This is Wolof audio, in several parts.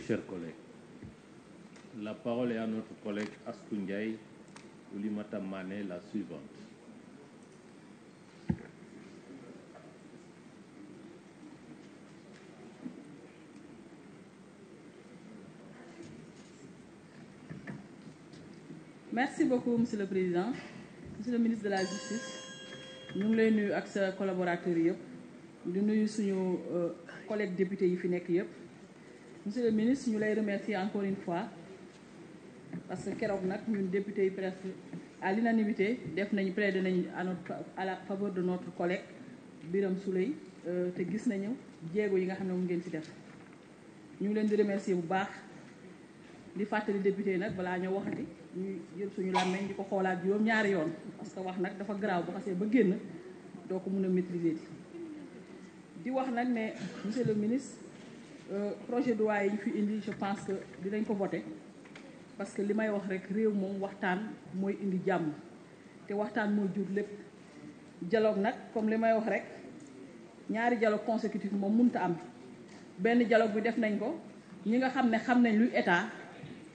chers collègues, la parole est à notre collègue Astundiaï Oulimata Mané, la suivante. Merci beaucoup, Monsieur le Président. Monsieur le ministre de la Justice, nous sommes venus avec ses collaborateurs, nous sommes euh, collègues députés. monsieur le ministre ñu lay remercier encore une fois parce que keroog nag ñun député yi presque à nivité def nañu plaidé nañu à notre à la faveur de notre collègue Birame Souleye euh, te gis nañu jéego yi nga xam ne moom ngeen ci def ñu ngi leen di remercier bu baax di fàttali député nag balaa ñoo waxati ñu jël suñu làmmeñ di ko xoolaat juróom-ñaari yoon parce que wax nag dafa garaaw bu xasee ba génn doo ko mun a maîtriser di wax nag ne monsieur le ministre Euh, projet de loi yi ñu fi indi je pense que dinañ ko voter parce que li may wax rek réew moom waxtaan mooy indi jàmm te waxtaan mooy jur lépp jaloog nag comme li may wax rek ñaari dialogue consécutif moom mënta am benn dialogue bi def nañ ko ñi nga xam ne xam nañ luy état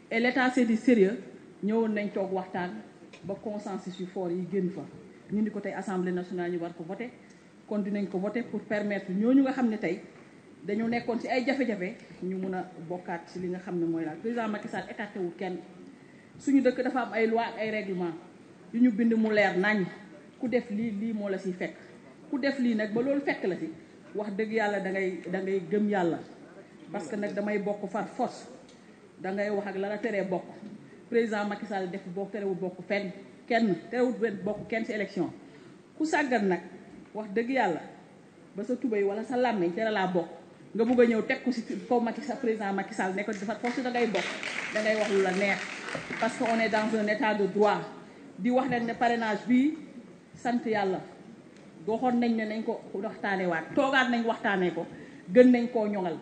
et l'état c'est du sérieux ñëwoon nañ toog waxtaan ba consensus yu fort yi génn fa ñu ni ko tey assemblée nationale ñu war ko voter kon dinañ ko voter pour permettre ñu nga xam ne tey dañu nekkoon si ay jafe-jafe ñu mun a bokkaat si li nga xam ne mooy laal président Macky Sall wu kenn suñu dëkk dafa am ay loi ay règlement yu ñu bind mu leer nañ ku def lii lii moo la siy fekk ku def lii nag ba loolu fekk la si wax dëgg yàlla da ngay da ngay gëm yàlla parce que nag damay bokk far force da ngay wax ak la la teree bokk président Macky def boo terewul bokk fenn kenn terewul bokk kenn si élection ku sàggan nag wax dëgg yàlla ba sa tubéy wala sa làmmeñ tere laa bokk nga bugg a ñëw teg ko si kaw Macky Sall président Macky Sall ne ko dafa force da ngay bokk da ngay wax lu la neex parce que on est dans un état de droit di wax nag ne parrainage bii sant yàlla waxoon nañ ne nañ ko waxtaanee waat toogaat nañ waxtaanee ko gën nañ koo ñoŋal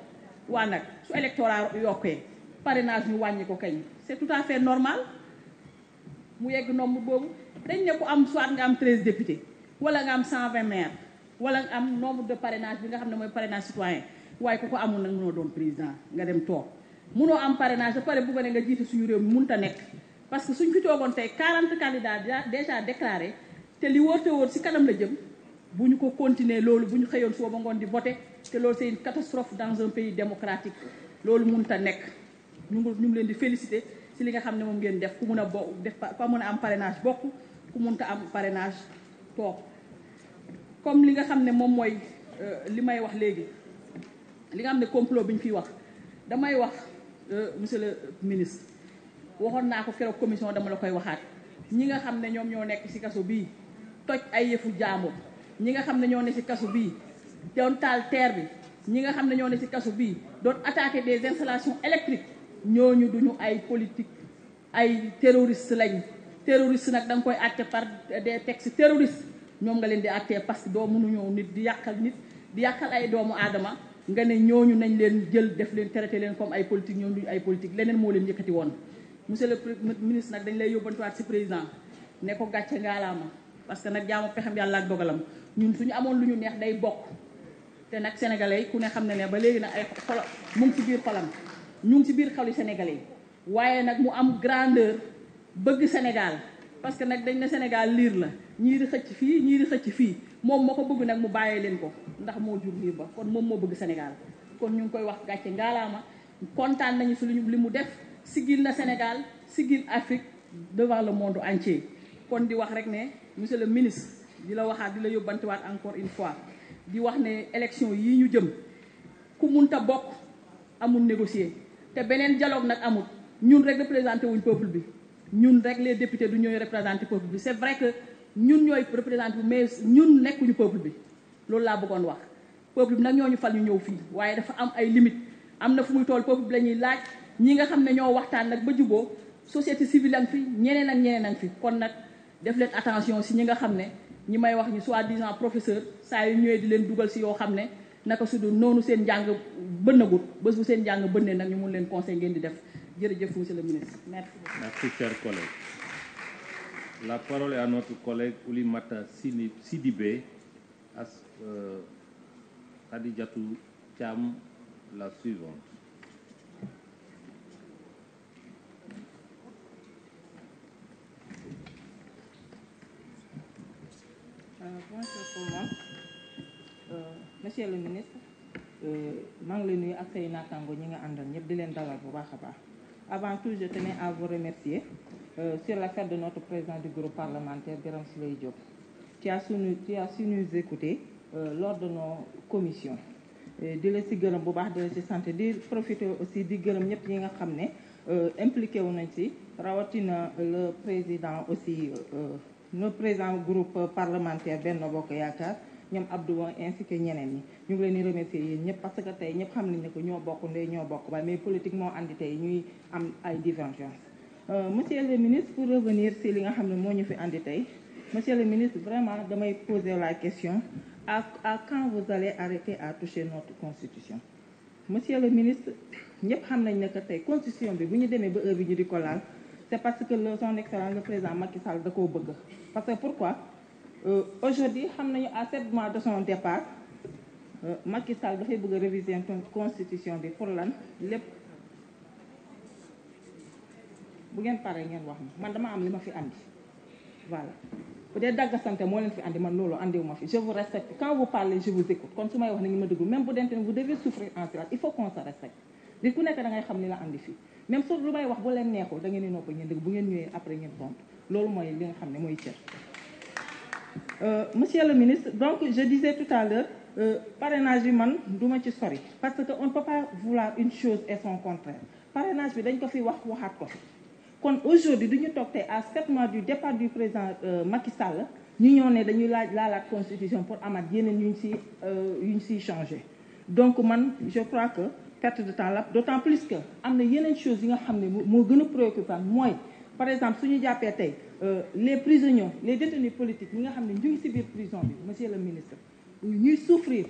waa nag su électorat yokkee parrainage ñu wàññi ko kañ c'est tout à fait normal mu yegg nombre boobu dañ ne ku am soit nga am 13 députés wala nga am 120 maires wala nga am nombre de parrainage bi nga xam ne mooy parrainage citoyen waaye ku ko amul nag mënoo doon président nga dem toog mënoo am parrainage ba pare bugg ne nga jiite suñu réew mi mënut nekk parce que suñ ki toogoon tey 40 candidats déjà déclarés te li wóor te si kanam la jëm bu ñu ko continuer loolu bu ñu xëyoon suba ba ngoon di voté te loolu c'est une catastrophe dans un pays démocratique loolu mënut a nekk ñu ngi ñu ngi leen di félicité si li nga xam ne moom ngeen def ku mun a bokk def pa mun a am parrainage bokk ku mun ta am parrainage comme li nga xam ne moom mooy euh, li may wax léegi li nga xam ne complot bi ñu fiy wax damay wax euh, monsieur le ministre waxoon naa ko keroog commission dama la koy waxaat ñi nga xam ne ñoom ñoo nekk ci kaso bii toj ay yëfu jaamur ñi nga xam ne ñoo ne ci kaso bii doon taal terre bi ñi nga xam ne ñoo ne ci kaso bii doon attaquer des installations électriques ñooñu duñu ay politique ay terroriste lañ terroriste nag da nga koy acté par teg textes terroristes ñoom nga leen di acté parce que doo mënuñoo nit di yàqal nit di yàqal ay doomu aadama nga ne ñooñu nañ leen jël def leen traité leen comme ay politique ñoom duñu ay politique leneen moo leen yëkkati woon monsieur le ministre nag dañ lay yóbbantuwaat si président ne ko gàcce ngaalaama parce que nag jaamu pexam yàlla ak dogalam ñun suñu amoon lu ñu neex day bokk te nag sénégalais ku ne xam ne ne ba léegi nag ay xol mu ngi ci biir xolam ñu ngi ci biir xoli sénégalais yi waaye nag mu am grandeur bëgg Sénégal parce que nag dañ ne Sénégal liir la ñii di xëcc fii ñii di xëcc fii moom ma ko bëgg nag mu bàyyee leen ko ndax moo jur lii ba kon moom moo bëgg Sénégal kon ñu ngi koy wax gàcce ngaalaama kontaan nañu si lu ñu li mu def si sigil na Sénégal sigil Afrique devant le monde entier kon di wax rek ne monsieur le ministre di la waxaat di la yóbbantiwaat encore une fois di wax ne élection yii ñu jëm ku munta bokk amul négocier te beneen dialogue nag amul ñun rek représenté wuñ peuple bi ñun rek les députés du ñooy représenté peuple bi c'est vrai que ñun ñooy représenté bi mais ñun nekkuñu peuple bi loolu laa bëggoon wax peuple bi nag ñoo ñu fal ñu ñëw fii waaye dafa am ay limite am na fu muy tool peuple bi la ñuy laaj ñi nga xam ne ñoo waxtaan nag ba juboo société civile am fi ñeneen ak ñeneen ak fi kon nag def leen attention si ñi nga xam ne ñi may wax ñu soi-disant professeur saa yu ñëwee di leen dugal si yoo xam ne naka su dul noonu seen njàng bënnagut bés bu seen njàng bënnee nag ñu mun leen conseil ngeen di def jërëjëf monsieur le ministre merci beaucoup merci cher collègue La parole est à notre collègue Oulimata Sidibé, euh, Adijatou Thiam, la suivante. Euh, bonjour tout le monde. Euh, monsieur le ministre, euh, maa ngi lay nuyu ak say naataango ñi nga àndal ñëpp di leen dalal bu baax a baax. Avant tout, je tenais à vous remercier. Euh, sur la fête de notre président du groupe parlementaire Birame Souleye Diop qui a su nous qui a su nous écouter euh, lors no commission commissions di la si gërëm bu baax di la si sant di profiter aussi di gërëm ñëpp ñi nga xam ne euh, impliqué wu nañ si rawatina le président aussi nos président groupe parlementaire Benno Bokk Yaakaar ñoom Abdou Wang ainsi que ñeneen ñi ñu ngi leen di remercier yéen ñëpp parce que tey ñëpp xam nañ ne ko ñoo bokk ndey ñoo bokk baay mais politique moo andi ñuy am ay divergence Euh, monsieur le ministre pour revenir si li nga xam ne moo ñu fi andi tey monsieur le ministre vraiment damay poser la question à à quand vous allez arrêter à toucher notre constitution monsieur le ministre ñëpp xam nañ ne que tey constitution bi bu ñu demee ba heure bi ñu di ko laal c'est parce que le son excellence le président Macky Sall da koo bëgg parce que pourquoi euh, aujourd'hui xam nañu à sept mois de son départ euh, Macky Sall dafay bëgg a réviser constitution bi pour lan lépp bu ngeen paree ngeen wax ma man dama am li ma fi andi voilà bu dee moo leen fi andi man loolu andiwu ma fi je vous respecte quand vous parlez je vous écoute kon su may wax ni ma déglu même bu dente ne vous devez souffrir en il faut qu'on se respecte nit ku nekk da xam li la andi fii même su lu may wax bu leen neexul da ngeen di nopp ngeen dégg bu ngeen ñëwee après ngeen tontu loolu mooy li nga xam ne mooy cër euh, monsieur le ministre donc je disais tout à l'heure euh, parrainage bi man du ci sori parce que on ne peut une chose et son contraire parrainage bi dañ ko fi wax waxaat ko kon aujourd'hui du ñu toog tey à sept mois du départ du président euh, Macky Sall ñu ñëw ne dañuy laaj laalaat constitution pour amaat yeneen yu ñu euh, si yu ñu siy changé donc man je crois que perte de temps la d'autant plus que am na yeneen choses yi nga xam ne moo gën a préoccupant mooy par exemple su ñu jàppee tey euh, les prisonniers les détenus politiques ñi nga xam ne ñu ngi si biir prison bi monsieur le ministre ñuy souffrir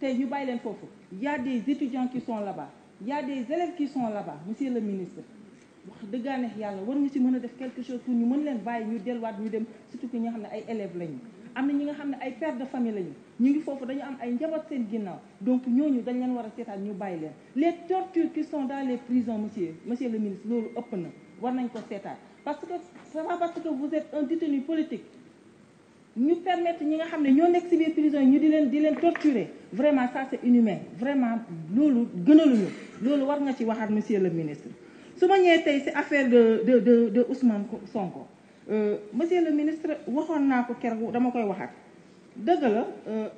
tey ñu bàyyi leen foofu y des étudiants qui sont là-bas y a des élèves qui sont là monsieur le ministre wax dëggaaneex yàlla war nga ci mën a def quelque chose pour ñu mën leen bàyyi ñu delluwaat ñu dem surtout que ñi xam ne ay élèves lañu. am na ñi nga xam ne ay père de famille lañu ñu ngi foofu dañu am ay njaboot seen ginnaaw donc ñooñu dañ leen war a seetaan ñu bàyyi leen les tortures qui sont dans les prisons monsieur monsieur le ministre loolu ëpp na war nañ ko seetaan parce que sama parce que vous êtes un détenu politique ñu permettre ñi nga xam ne ñoo nekk ci biir prison ñu di leen di leen torturer vraiment ça vraiment loolu gënaluñu loolu war nga ci waxaat monsieur le ministre su ma ñëwee tey si affaire de de de de Ousmane Sonko euh, monsieur le ministre waxoon naa ko keroog dama koy waxaat dëgg la euh,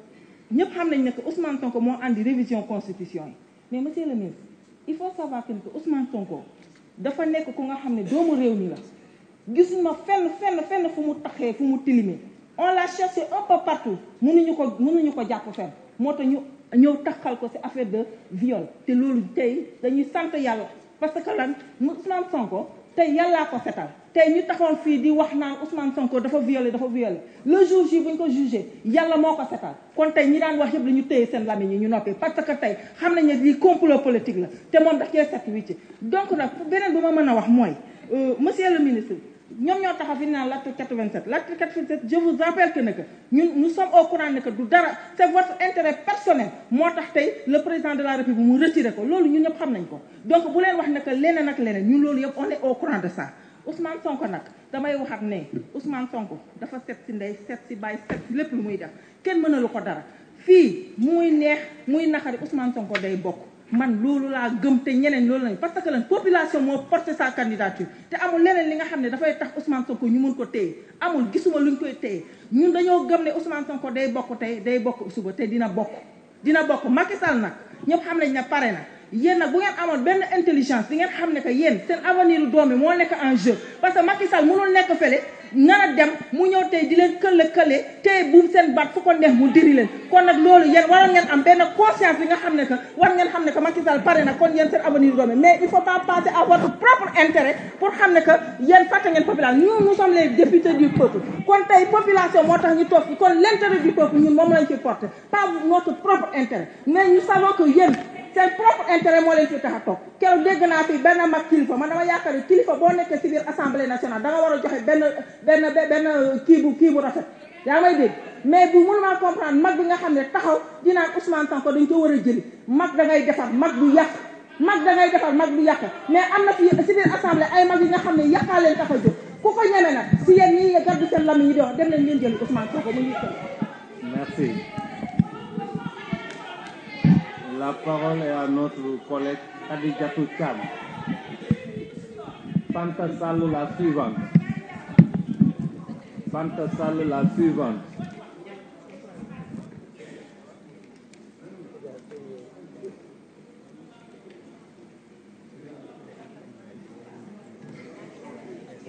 ñëpp xam nañ ne que Ousmane Sonko moo andi révision constitution yi mais monsieur le ministre il faut savoir que Ousmane Sonko dafa nekk ku nga xam ne doomu réew mi la gisuma fenn fenn fenn fu mu taxee fu mu tilimee on l'a cherché un peu partout mënuñu ko mënuñu ko jàpp fenn moo tax ñu ñëw taxal ko si affaire de viol te loolu tey dañuy sant yàlla. parce que lan Ousmane Sonko tey yàllaa ko setal tey ñu taxoon fii di wax naan Ousmane Sonko dafa violé dafa violé le jour ji bu ñu ko jugé yàlla moo ko setal kon tey ñi daan wax yëpp la ñu téye seen lamiñ yi ñu noppi parce que tey xam nañ ne lii complot politique la te moom daf cee set wicc donc nag beneen bi ma mën a wax mooy euh, monsieur le ministre ñoom ñoo taxaw fi naan l'article 87 l'article 87 je vous rappelle que ne que ñun nous sommes au courant ne du dara c'est votre intérêt personnel moo tax tey le président de la république mu retiré ko loolu ñu ñëpp xam nañ ko donc bu leen wax ne que leneen ak leneen ñun loolu yëpp on est au courant de ça Ousmane Sonko nag damay waxaat ne Ousmane Sonko dafa set si ndey set si bàyyi set si lépp lu muy dem kenn mënalu ko dara fii muy neex muy naqari Ousmane Sonko day bokk man loolu laa gëm te ñeneen loolu lañ parce que lan population moo porté sa candidature te amul leneen li nga xam ne dafay tax Ousmane Sonko ñu mën ko téye amul gisuma luñ koy téye ñun dañoo gëm ne Ousmane Sonko day bokk tey day bokk suba te dina bokk. dina bokk Macky Sall nag ñëpp xam nañ ne pare na yéen nag bu ngeen amoon benn intelligence di ngeen xam ne que yéen seen avenir doom yi moo nekk en jeu parce que Macky Sall mënul nekk fele nar a dem mu ñëw tey di leen këll kële tey buum seen baat fu ko neex mu diri leen kon nag loolu yéen waroon ngeen am benn conscience bi nga xam ne que war ngeen xam ne que Macky Sall pare na kon yéen seen avenir doome mais il faut pas passer à votre propre intérêt pour xam ne que yéen fàtte ngeen population ñun nous sommes les députés du peuple kon tey population moo tax ñu toog fi kon l' intérêt du peuple ñun moom lañ ci porté pas notre propre intérêt mais nous savons que yéen seen propre intérêt moo leen fi tax a toog keroog dégg naa fi benn mag kilifa man dama yaakaar ni kilifa boo nekkee si biir assemblée nationale da war a joxe benn benn benn kii bu kii bu rafet yaa may dégg mais bu mënuma comprendre mag bi nga xam ne taxaw dinaan Ousmane Sonko dañ ko war a jëli mag da ngay defar mag du yàq mag da ngay defar mag du yàq mais am na fi si biir assemblée ay mag yi nga xam ne yàqaa leen tax a jóg ku ko ñeme nag si yéen ñii gaddu seen lam yi di dem leen ngeen jëli Ousmane La parole est à notre collègue Khadijatou Thiam. Fanta Sall la suivante. Fanta Sall la suivante.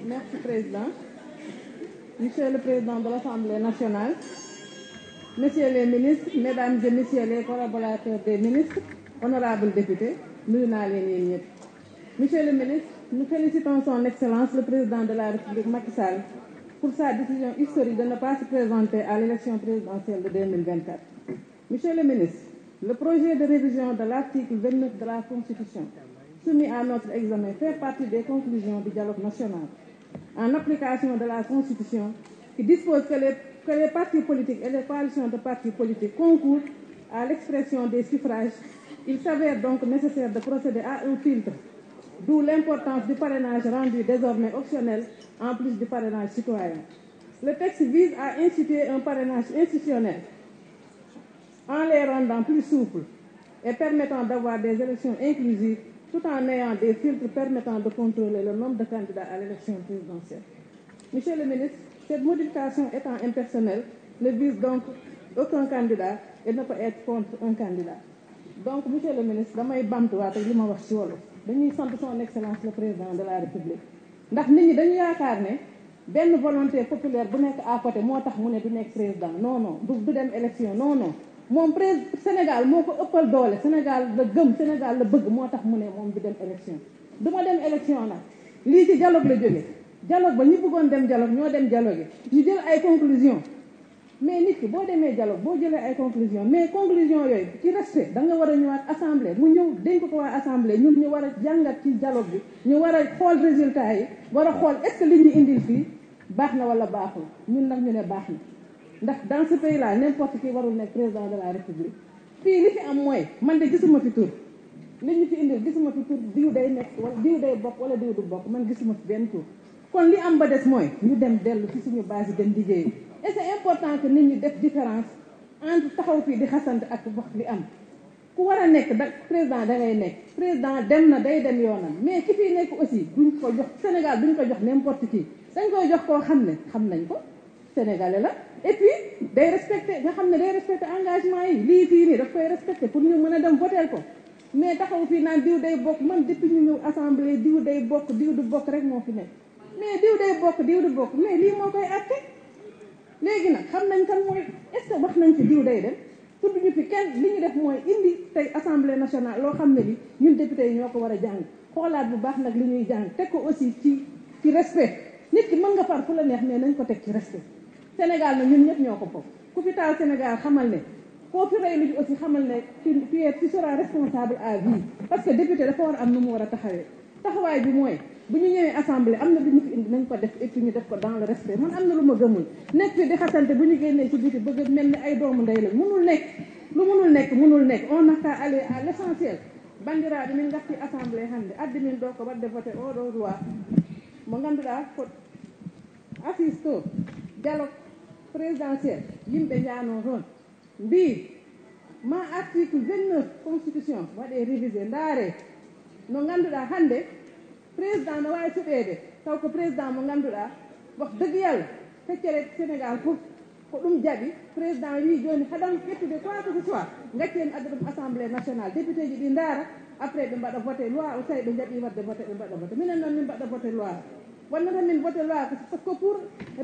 Merci, Président. Monsieur le Président de l'Assemblée nationale. messieurs les ministres mesdames et messieurs les collaborateurs des ministres honorables députés nuyu naa leen yéen ñëpp monsieur le ministre nous félicitons son excellence le président de la république Macky Sall pour sa décision historique de ne pas se présenter à l'élection présidentielle de 2024 monsieur le ministre le projet de révision de l'article 29 de la constitution soumis à notre examen fait partie des conclusions du dialogue national en application de la constitution qui dispose que les, que les partis politiques et les coalitions de partis politiques concourent à l'expression des suffrages, il s'avère donc nécessaire de procéder à un filtre, d'où l'importance du parrainage rendu désormais optionnel en plus du parrainage citoyen. Le texte vise à instituer un parrainage institutionnel en les rendant plus souples et permettant d'avoir des élections inclusives tout en ayant des filtres permettant de contrôler le nombre de candidats à l'élection Cette modification étant impersonnelle, ne vise donc aucun candidat et ne peut être contre un candidat. donc monsieur le ministre damay bamtuwaat ak li ma wax ci wolof dañuy sant son excellence le président de la république ndax nit ñi dañu yaakaar ne benn volonté populaire bu nekk à côté moo tax mu ne du nekk président non non du dem élection non non moom prés Sénégal moo ko ëppal doole Sénégal la gëm Sénégal la bëgg moo tax mu ne moom du dem élection du ma dem élection nag lii ci dialogue la jóge dialogue ba ñi bëggoon dem dialogue ñoo dem dialogue yi ñu jël ay conclusion mais nit ki boo demee dialogue boo jëlee ay conclusion mais conclusion yooyu ci respect da nga war a ñëwaat assemblée mu ñëw dénk ko waa assemblée ñun ñu war a jàngat ci dialogue bi ñu war a xool résultat yi war a xool est-ce li ñu indil fii baax na wala baaxul ñun nag ñu ne baax na ndax dans ce pays là n'importe qui warul nekk président de la république fii li fi am mooy man de gisuma fi tur li ñu fi indil gisuma diw day bokk wala diw bokk man gisuma fi benn tur kon li am ba des mooy ñu dem dellu ci suñu base yi dem liggéey et c'est important que nit ñi def différence entre taxaw fii di xasante ak wax li am ku war a nekk da président da ngay nekk président dem na day dem yoonam mais ki fii nekk aussi ñu ko jox Sénégal duñ ko jox n'importe qui dañ koy jox koo xam ne xam nañ ko sénégalais la et puis day respecté nga xam ne day respecté engagement yi lii fii nii daf koy respecté pour ñu mën a dem voter ko mais taxaw fii naan day bokk man depuis ñu ñëw assemblée diw day bokk diw du bokk rek moo fi nekk mais diw day bokk diw di bokk mais lii moo koy atte léegi nag xam nañ kan mooy est-ce que wax nañ ci diw day dem tudd ñu fi kenn li ñu def mooy indi tey assemblée nationale loo xam ne bi ñun député yi ñoo ko war a jàng xoolaat bu baax nag li ñuy jàng teg ko aussi ci ci respect nit ki mën nga far fu la neex mais nañ ko teg ci respect Sénégal na ñun ñëpp ñoo ko bokk ku fi taal Sénégal xamal ne koo fi rey lu ñu aussi xamal ne tu tu seras responsable à vie parce que député dafa war am nu mu war a taxawee taxawaay bi mooy bu ñu ñëwee assemblée am na lu ñu fi indi nañ ko def et puis ñu def ko dans le respect man am na lu ma gëmul nekk di xasante bu ñu génnee ci biti bëgg mel ni ay doomu ndey la munul nekk lu munul nekk munul nekk on a qu'à aller à l'essentiel bandiraɓe min gatti assemblée hannde addi min ɗo ko wadde voté oɗo loi mo ngannduɗa ko assise to dialogue présidentiel yimɓe jano toon mbi ma article 29 constitution waɗe révisé ndaare no président no wawi seɗede taw ko président mo ganduɗa wax dëgg yalla feccere sénégal foof ko ɗum jaaɓi président wi joni haɗan ƴettude quoi que ce soit gaccen adda ɗum assemblé national député ji ɗi daara après ɓe mbaɗa voté loi o tawi ɓe jaaɓi wadde voté ɓe mbaɗa voté minen noon min mbaɗa voté loi wonno tan min voté loi par ce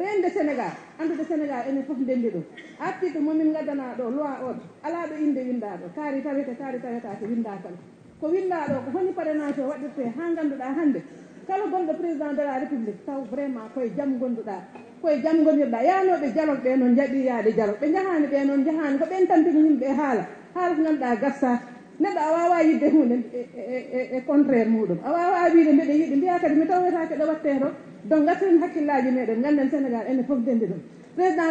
rende sénégal andude sénégal enen foof ndendi ɗum article momin gaddana ɗo loi o ala ɗo inde winda ɗo kaari tawete ko winɗa ɗo ko honi parrainage o waɗirte ha ganduɗa hande kala gonɗo président de la république taw vraiment koye jaam gonduɗa koye jaam gonirɗa yanoɓe dialogue ɓe noon jaaɓi yaade dialogue ɓe jahani ɓe noon jahani ko ɓen tan tigi haala haala ko ganduɗa gassata neɗɗo a wawa yidde hunde e, e, e, e contraire muɗum a wawa wiide mbeɗe yiɗi mbiya kadi mi tawetake ɗo watte ɗo donc gatten hakkillaji meɗen ganden sénégal ene foof dendi ɗum président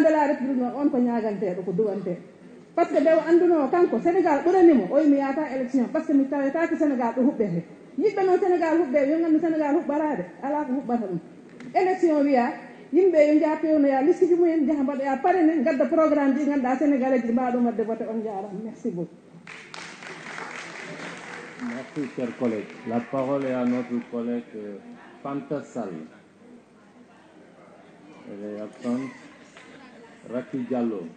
par ce que ɓe o annduno kanko sénégal ɓuranimo o wimi yata élection par ce mi tawetake sénégal ɗo huɓɓe he yimɓe noon sénégal huɓɓe yo gandu sénégal huɓɓarade ala ko huɓɓata ɗum élection wiya yimɓe yo jaha pewnoya listiji mumen jaha mbaɗoya parene gadda programme ji ganduɗa sénégalais ji mbaɗum wadde voté on jarama merci beaucoup merci cher collègue la parole est à notre collègue euh, Fanta Sall elle est absente Raki Diallo